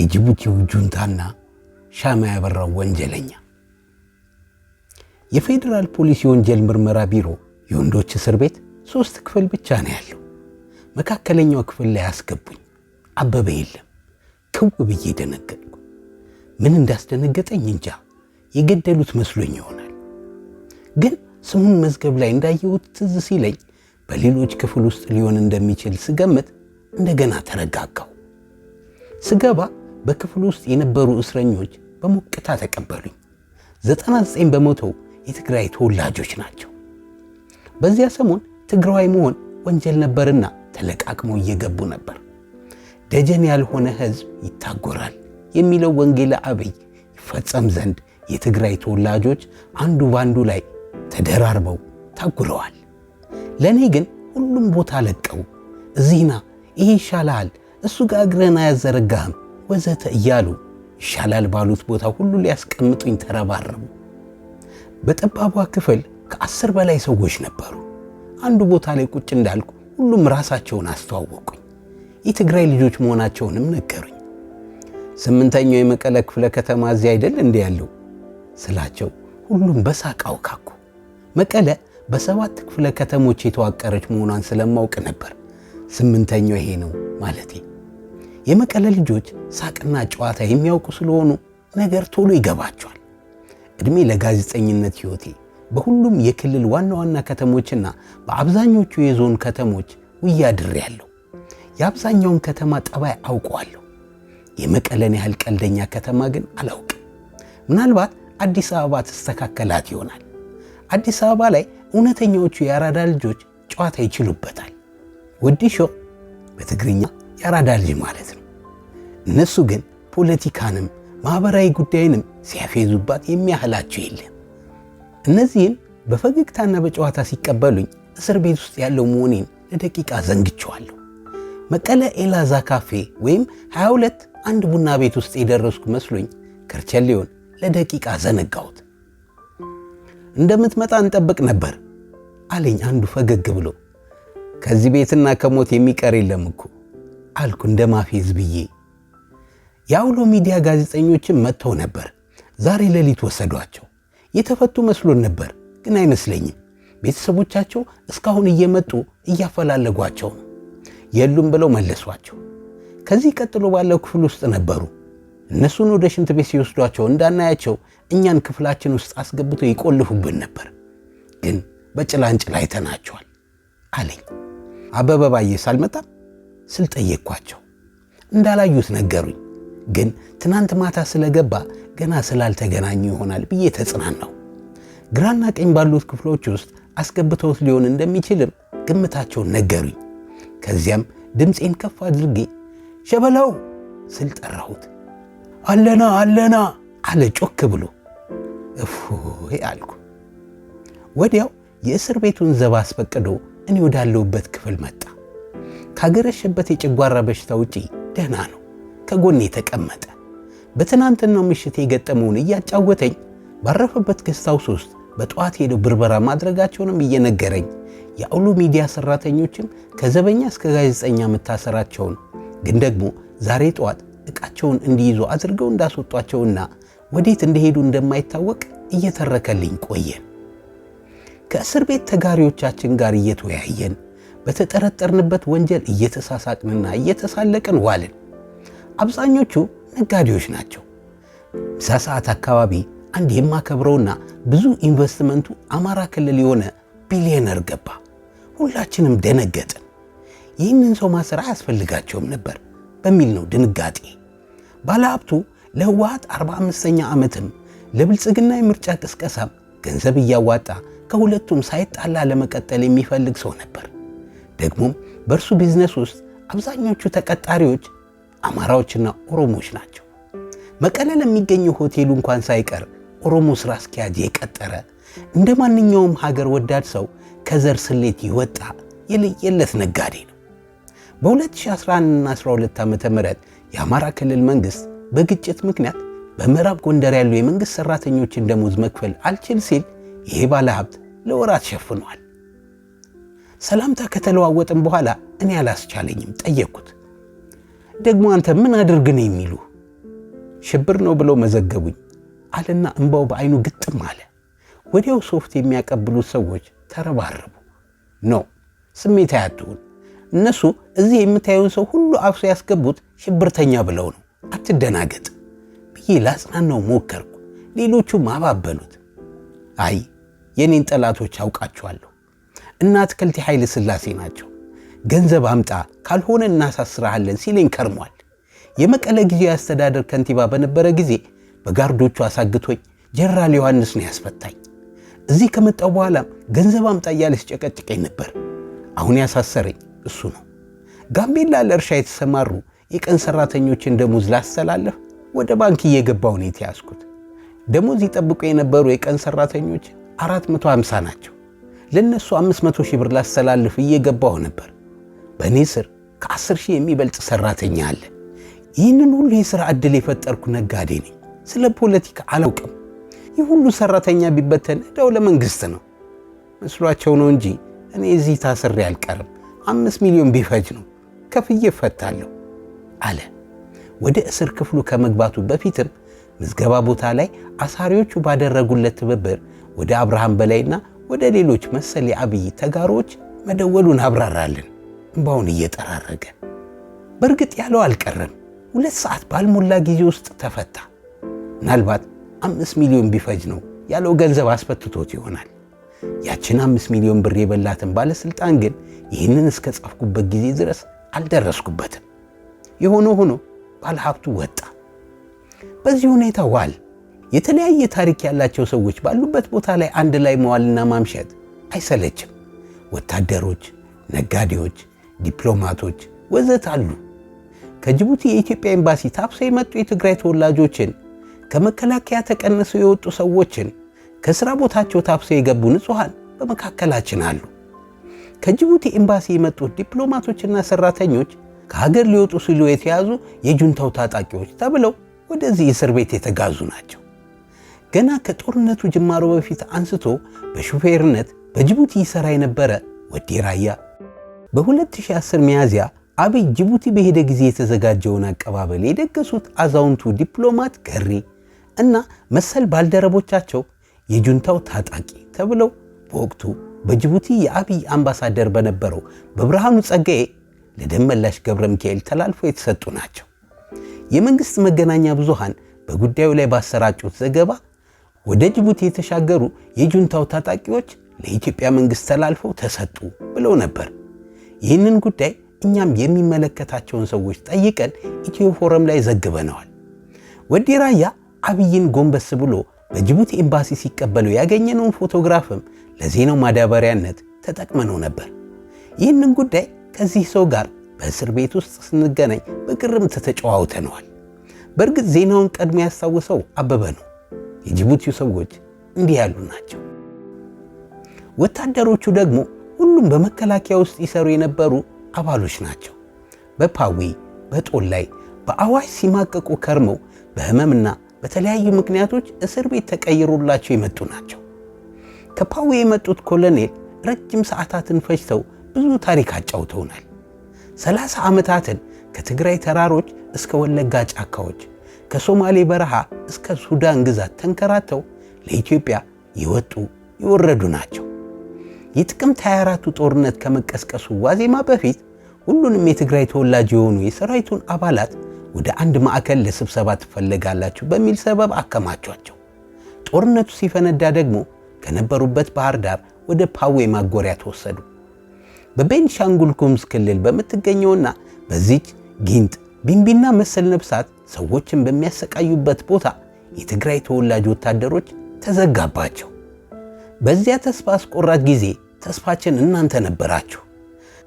የጅቡቲው ጁንታና ሻማ ያበራው ወንጀለኛ። የፌዴራል ፖሊስ የወንጀል ምርመራ ቢሮ የወንዶች እስር ቤት ሶስት ክፍል ብቻ ነው ያለው። መካከለኛው ክፍል ላይ አስገቡኝ። አበበ የለም። ክው ብዬ ደነገጥኩ። ምን እንዳስደነገጠኝ እንጃ። የገደሉት መስሎኝ ይሆናል። ግን ስሙን መዝገብ ላይ እንዳየሁት ትዝ ሲለኝ በሌሎች ክፍል ውስጥ ሊሆን እንደሚችል ስገምት እንደገና ተረጋጋሁ። ስገባ በክፍል ውስጥ የነበሩ እስረኞች በሞቅታ ተቀበሉኝ። 99 በመቶ የትግራይ ተወላጆች ናቸው። በዚያ ሰሞን ትግራዋይ መሆን ወንጀል ነበርና ተለቃቅሞ እየገቡ ነበር። ደጀን ያልሆነ ሕዝብ ይታጎራል የሚለው ወንጌል አብይ ይፈጸም ዘንድ የትግራይ ተወላጆች አንዱ ባንዱ ላይ ተደራርበው ታጉረዋል። ለእኔ ግን ሁሉም ቦታ ለቀው እዚህና ይሄ ይሻላል እሱ ጋር እግረን አያዘረጋህም ወዘተ እያሉ ይሻላል ባሉት ቦታ ሁሉ ሊያስቀምጡኝ ተረባረቡ። በጠባቧ ክፍል ከአስር በላይ ሰዎች ነበሩ። አንዱ ቦታ ላይ ቁጭ እንዳልኩ ሁሉም ራሳቸውን አስተዋወቁኝ። የትግራይ ልጆች መሆናቸውንም ነገሩኝ። ስምንተኛው የመቀለ ክፍለ ከተማ እዚህ አይደል እንዲ ያለው ስላቸው ሁሉም በሳቅ አውካኩ። መቀለ በሰባት ክፍለ ከተሞች የተዋቀረች መሆኗን ስለማውቅ ነበር ስምንተኛው ይሄ ነው ማለቴ። የመቀለ ልጆች ሳቅና ጨዋታ የሚያውቁ ስለሆኑ ነገር ቶሎ ይገባቸዋል። ዕድሜ ለጋዜጠኝነት ሕይወቴ በሁሉም የክልል ዋና ዋና ከተሞችና በአብዛኞቹ የዞን ከተሞች ያለው የአብዛኛውን ከተማ ጠባይ አውቀዋለሁ። የመቀለን ያህል ቀልደኛ ከተማ ግን አላውቅም። ምናልባት አዲስ አበባ ትስተካከላት ይሆናል። አዲስ አበባ ላይ እውነተኛዎቹ የአራዳ ልጆች ጨዋታ ይችሉበታል። ወዲሾ በትግርኛ የአራዳ ልጅ ማለት ነው። እነሱ ግን ፖለቲካንም ማኅበራዊ ጉዳይንም ሲያፌዙባት የሚያህላቸው የለም። እነዚህን በፈገግታና በጨዋታ ሲቀበሉኝ እስር ቤት ውስጥ ያለው መሆኔን ለደቂቃ ዘንግቸዋለሁ። መቀለ ኤላዛ ካፌ ወይም 22 አንድ ቡና ቤት ውስጥ የደረስኩ መስሎኝ ከርቸሌውን ለደቂቃ ዘነጋሁት። እንደምትመጣ እንጠብቅ ነበር አለኝ አንዱ ፈገግ ብሎ። ከዚህ ቤትና ከሞት የሚቀር የለም እኮ አልኩ እንደ ማፌዝ ብዬ። የአውሎ ሚዲያ ጋዜጠኞችን መጥተው ነበር። ዛሬ ሌሊት ወሰዷቸው። የተፈቱ መስሎን ነበር፣ ግን አይመስለኝም። ቤተሰቦቻቸው እስካሁን እየመጡ እያፈላለጓቸው ነው። የሉም ብለው መለሷቸው። ከዚህ ቀጥሎ ባለው ክፍል ውስጥ ነበሩ። እነሱን ወደ ሽንት ቤት ሲወስዷቸው እንዳናያቸው እኛን ክፍላችን ውስጥ አስገብተው ይቆልፉብን ነበር፣ ግን በጭላንጭል አይተናቸዋል አለኝ። አበበባዬ ሳልመጣም ስል ጠየቅኳቸው። እንዳላዩት ነገሩኝ። ግን ትናንት ማታ ስለገባ ገና ስላልተገናኙ ይሆናል ብዬ ተጽናናው። ግራና ቀኝ ባሉት ክፍሎች ውስጥ አስገብተውት ሊሆን እንደሚችልም ግምታቸውን ነገሩኝ። ከዚያም ድምፄን ከፍ አድርጌ ሸበላው ስል ጠራሁት። አለና አለና አለ ጮክ ብሎ። እፎይ አልኩ። ወዲያው የእስር ቤቱን ዘባ አስፈቅዶ እኔ ወዳለሁበት ክፍል መጣ። ካገረሸበት የጨጓራ በሽታ ውጪ ደህና ነው። ከጎን የተቀመጠ በትናንትናው ምሽት የገጠመውን እያጫወተኝ ባረፈበት ገስት ውስጥ በጠዋት ሄደው ብርበራ ማድረጋቸውንም እየነገረኝ የአውሎ ሚዲያ ሰራተኞችም ከዘበኛ እስከ ጋዜጠኛ ምታሰራቸውን ግን ደግሞ ዛሬ ጠዋት እቃቸውን እንዲይዙ አድርገው እንዳስወጧቸውና ወዴት እንደሄዱ እንደማይታወቅ እየተረከልኝ ቆየን ከእስር ቤት ተጋሪዎቻችን ጋር እየተወያየን በተጠረጠርንበት ወንጀል እየተሳሳቅንና እየተሳለቅን ዋልን። አብዛኞቹ ነጋዴዎች ናቸው። ምሳ ሰዓት አካባቢ አንድ የማከብረውና ብዙ ኢንቨስትመንቱ አማራ ክልል የሆነ ቢሊዮነር ገባ። ሁላችንም ደነገጥን። ይህንን ሰው ማሰር አያስፈልጋቸውም ነበር በሚል ነው ድንጋጤ። ባለሀብቱ ለህወሀት 45ኛ ዓመትም ለብልጽግና የምርጫ ቅስቀሳም ገንዘብ እያዋጣ ከሁለቱም ሳይጣላ ለመቀጠል የሚፈልግ ሰው ነበር። ደግሞም በእርሱ ቢዝነስ ውስጥ አብዛኞቹ ተቀጣሪዎች አማራዎችና ኦሮሞዎች ናቸው። መቀሌ ለሚገኘው ሆቴሉ እንኳን ሳይቀር ኦሮሞ ስራ አስኪያጅ የቀጠረ እንደ ማንኛውም ሀገር ወዳድ ሰው ከዘር ስሌት ይወጣ የለየለት ነጋዴ ነው። 2011 12 ዓ ም የአማራ ክልል መንግሥት በግጭት ምክንያት በምዕራብ ጎንደር ያሉ የመንግሥት ሠራተኞችን ደሞዝ መክፈል አልችል ሲል ይሄ ሀብት ለወራት ሸፍኗል። ሰላምታ ከተለዋወጥም በኋላ እኔ አላስቻለኝም፣ ጠየቅኩት። ደግሞ አንተ ምን አድርግ ነው የሚሉ ሽብር ነው ብለው መዘገቡኝ አለና እንባው በአይኑ ግጥም አለ። ወዲያው ሶፍት የሚያቀብሉት ሰዎች ተረባረቡ። ነው ስሜት አያትሁን። እነሱ እዚህ የምታየውን ሰው ሁሉ አፍሶ ያስገቡት ሽብርተኛ ብለው ነው፣ አትደናገጥ ብዬ ላጽናናው ሞከርኩ። ሌሎቹ ማባበሉት። አይ የኔን ጠላቶች አውቃቸዋለሁ። እነ አትክልቴ ኃይለ ሥላሴ ናቸው። ገንዘብ አምጣ ካልሆነ እናሳስረሃለን ሲለኝ ከርሟል። የመቀለ ጊዜ አስተዳደር ከንቲባ በነበረ ጊዜ በጋርዶቹ አሳግቶኝ ጀነራል ዮሐንስ ነው ያስፈታኝ። እዚህ ከመጣው በኋላም ገንዘብ አምጣ እያለ ሲጨቀጭቀኝ ነበር። አሁን ያሳሰረኝ እሱ ነው። ጋምቤላ ለእርሻ የተሰማሩ የቀን ሰራተኞችን ደሞዝ ላስተላለፍ ወደ ባንክ እየገባ ነው የተያዝኩት። ደሞዝ ይጠብቁ የነበሩ የቀን ሰራተኞች 450 ናቸው። ለእነሱ 500 ሺህ ብር ላስተላልፍ እየገባው ነበር። በእኔ ስር ከአስር ሺህ የሚበልጥ ሰራተኛ አለ። ይህንን ሁሉ የሥራ ዕድል የፈጠርኩ ነጋዴ ነኝ። ስለ ፖለቲካ አላውቅም። ይህ ሁሉ ሰራተኛ ቢበተን ዕዳው ለመንግሥት ነው መስሏቸው ነው እንጂ እኔ እዚህ ታስሬ አልቀርም። አምስት ሚሊዮን ቢፈጅ ነው ከፍዬ እፈታለሁ አለ። ወደ እስር ክፍሉ ከመግባቱ በፊትም ምዝገባ ቦታ ላይ አሳሪዎቹ ባደረጉለት ትብብር ወደ አብርሃም በላይና ወደ ሌሎች መሰል የአብይ ተጋሮች መደወሉን አብራራለን። እንባውን እየጠራረገ በእርግጥ ያለው አልቀረም። ሁለት ሰዓት ባልሞላ ጊዜ ውስጥ ተፈታ። ምናልባት አምስት ሚሊዮን ቢፈጅ ነው ያለው ገንዘብ አስፈትቶት ይሆናል። ያችን አምስት ሚሊዮን ብር የበላትን ባለሥልጣን ግን ይህንን እስከ ጻፍኩበት ጊዜ ድረስ አልደረስኩበትም። የሆነ ሆኖ ባለሀብቱ ወጣ። በዚህ ሁኔታ ዋል። የተለያየ ታሪክ ያላቸው ሰዎች ባሉበት ቦታ ላይ አንድ ላይ መዋልና ማምሸት አይሰለችም። ወታደሮች፣ ነጋዴዎች ዲፕሎማቶች ወዘት አሉ። ከጅቡቲ የኢትዮጵያ ኤምባሲ ታፍሰው የመጡ የትግራይ ተወላጆችን፣ ከመከላከያ ተቀንሰው የወጡ ሰዎችን፣ ከሥራ ቦታቸው ታፍሰው የገቡ ንጹሐን በመካከላችን አሉ። ከጅቡቲ ኤምባሲ የመጡት ዲፕሎማቶችና ሠራተኞች ከሀገር ሊወጡ ሲሉ የተያዙ የጁንታው ታጣቂዎች ተብለው ወደዚህ እስር ቤት የተጋዙ ናቸው። ገና ከጦርነቱ ጅማሮ በፊት አንስቶ በሹፌርነት በጅቡቲ ይሠራ የነበረ ወዲ ራያ በ2010 ሚያዝያ አብይ ጅቡቲ በሄደ ጊዜ የተዘጋጀውን አቀባበል የደገሱት አዛውንቱ ዲፕሎማት ገሪ እና መሰል ባልደረቦቻቸው የጁንታው ታጣቂ ተብለው በወቅቱ በጅቡቲ የአብይ አምባሳደር በነበረው በብርሃኑ ጸጋዬ ለደመላሽ ገብረ ሚካኤል ተላልፎ የተሰጡ ናቸው። የመንግሥት መገናኛ ብዙሃን በጉዳዩ ላይ ባሰራጩት ዘገባ ወደ ጅቡቲ የተሻገሩ የጁንታው ታጣቂዎች ለኢትዮጵያ መንግሥት ተላልፈው ተሰጡ ብለው ነበር። ይህንን ጉዳይ እኛም የሚመለከታቸውን ሰዎች ጠይቀን ኢትዮ ፎረም ላይ ዘግበነዋል። ወዲ ራያ አብይን ጎንበስ ብሎ በጅቡቲ ኤምባሲ ሲቀበሉ ያገኘነውን ፎቶግራፍም ለዜናው ማዳበሪያነት ተጠቅመነው ነበር። ይህንን ጉዳይ ከዚህ ሰው ጋር በእስር ቤት ውስጥ ስንገናኝ በግርምት ተጨዋውተነዋል። በእርግጥ ዜናውን ቀድሞ ያስታውሰው አበበ ነው። የጅቡቲው ሰዎች እንዲህ ያሉ ናቸው። ወታደሮቹ ደግሞ ሁሉም በመከላከያ ውስጥ ይሰሩ የነበሩ አባሎች ናቸው። በፓዊ በጦል ላይ በአዋሽ ሲማቀቁ ከርመው በህመምና በተለያዩ ምክንያቶች እስር ቤት ተቀይሮላቸው የመጡ ናቸው። ከፓዊ የመጡት ኮሎኔል ረጅም ሰዓታትን ፈጅተው ብዙ ታሪክ አጫውተውናል። ሰላሳ ዓመታትን ከትግራይ ተራሮች እስከ ወለጋ ጫካዎች ከሶማሌ በረሃ እስከ ሱዳን ግዛት ተንከራተው ለኢትዮጵያ የወጡ የወረዱ ናቸው። የጥቅምት 24ቱ ጦርነት ከመቀስቀሱ ዋዜማ በፊት ሁሉንም የትግራይ ተወላጅ የሆኑ የሰራዊቱን አባላት ወደ አንድ ማዕከል ለስብሰባ ትፈለጋላችሁ በሚል ሰበብ አከማቿቸው። ጦርነቱ ሲፈነዳ ደግሞ ከነበሩበት ባህር ዳር ወደ ፓዌ ማጎሪያ ተወሰዱ። በቤንሻንጉል ጉሙዝ ክልል በምትገኘውና በዚች ጊንጥ፣ ቢንቢና መሰል ነብሳት ሰዎችን በሚያሰቃዩበት ቦታ የትግራይ ተወላጅ ወታደሮች ተዘጋባቸው። በዚያ ተስፋ አስቆራጭ ጊዜ ተስፋችን እናንተ ነበራችሁ።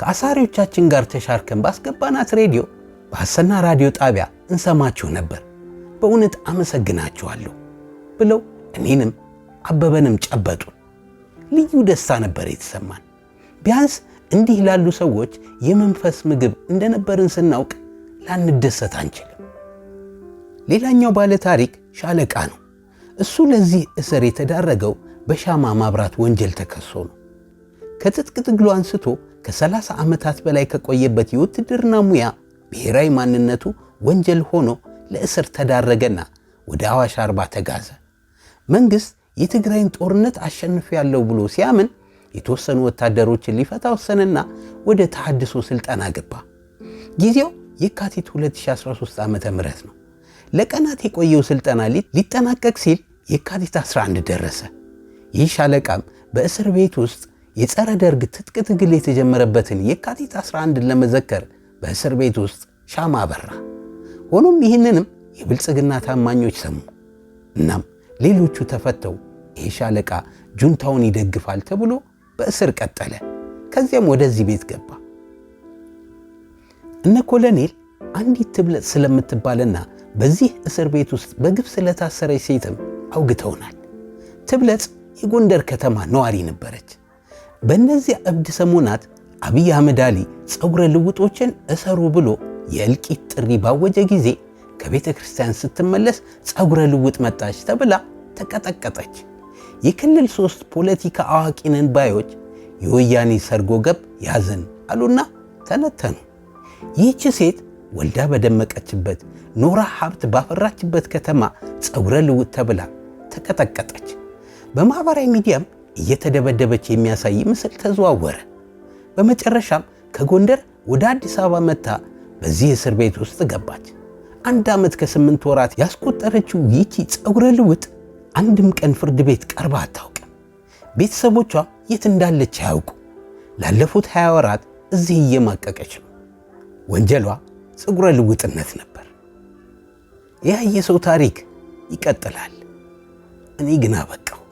ከአሳሪዎቻችን ጋር ተሻርከን ባስገባናት ሬዲዮ በሐሰና ራዲዮ ጣቢያ እንሰማችሁ ነበር። በእውነት አመሰግናችኋለሁ ብለው እኔንም አበበንም ጨበጡ። ልዩ ደስታ ነበር የተሰማን። ቢያንስ እንዲህ ላሉ ሰዎች የመንፈስ ምግብ እንደነበርን ስናውቅ ላንደሰት አንችልም። ሌላኛው ባለ ታሪክ ሻለቃ ነው። እሱ ለዚህ እስር የተዳረገው በሻማ ማብራት ወንጀል ተከሶ ነው። ከትጥቅ ትግሉ አንስቶ ከ30 ዓመታት በላይ ከቆየበት የውትድርና ሙያ ብሔራዊ ማንነቱ ወንጀል ሆኖ ለእስር ተዳረገና ወደ አዋሽ አርባ ተጋዘ። መንግሥት የትግራይን ጦርነት ያለው ብሎ ሲያምን የተወሰኑ ወታደሮችን ሊፈታ ወሰነና ወደ ተሐድሶ ሥልጠና ገባ። ጊዜው የካቲት 2013 ዓ ም ነው። ለቀናት የቆየው ሥልጠና ሊጠናቀቅ ሲል የካቲት 11 ደረሰ። ይህ ሻለቃም በእስር ቤት ውስጥ የጸረ ደርግ ትጥቅ ትግል የተጀመረበትን የካቲት 11 ለመዘከር በእስር ቤት ውስጥ ሻማ በራ ሆኖም ይህንንም የብልጽግና ታማኞች ሰሙ። እናም ሌሎቹ ተፈተው ይህ ሻለቃ ጁንታውን ይደግፋል ተብሎ በእስር ቀጠለ። ከዚያም ወደዚህ ቤት ገባ። እነ ኮሎኔል አንዲት ትብለጥ ስለምትባልና በዚህ እስር ቤት ውስጥ በግፍ ስለታሰረች ሴትም አውግተውናል። ትብለጽ የጎንደር ከተማ ነዋሪ ነበረች። በእነዚያ እብድ ሰሞናት አብይ አህመድ አሊ ፀጉረ ልውጦችን እሰሩ ብሎ የእልቂት ጥሪ ባወጀ ጊዜ ከቤተ ክርስቲያን ስትመለስ ፀጉረ ልውጥ መጣች ተብላ ተቀጠቀጠች። የክልል ሶስት ፖለቲካ አዋቂ ነን ባዮች የወያኔ ሰርጎ ገብ ያዘን አሉና ተነተኑ። ይህች ሴት ወልዳ በደመቀችበት ኖራ ሀብት ባፈራችበት ከተማ ፀጉረ ልውጥ ተብላ ተቀጠቀጠች። በማኅበራዊ ሚዲያም እየተደበደበች የሚያሳይ ምስል ተዘዋወረ። በመጨረሻም ከጎንደር ወደ አዲስ አበባ መጥታ በዚህ እስር ቤት ውስጥ ገባች። አንድ ዓመት ከስምንት ወራት ያስቆጠረችው ይቺ ፀጉረ ልውጥ አንድም ቀን ፍርድ ቤት ቀርባ አታውቅም። ቤተሰቦቿ የት እንዳለች አያውቁ። ላለፉት 20 ወራት እዚህ እየማቀቀች ነው። ወንጀሏ ፀጉረ ልውጥነት ነበር። ያ የሰው ታሪክ ይቀጥላል። እኔ ግን አበቃው።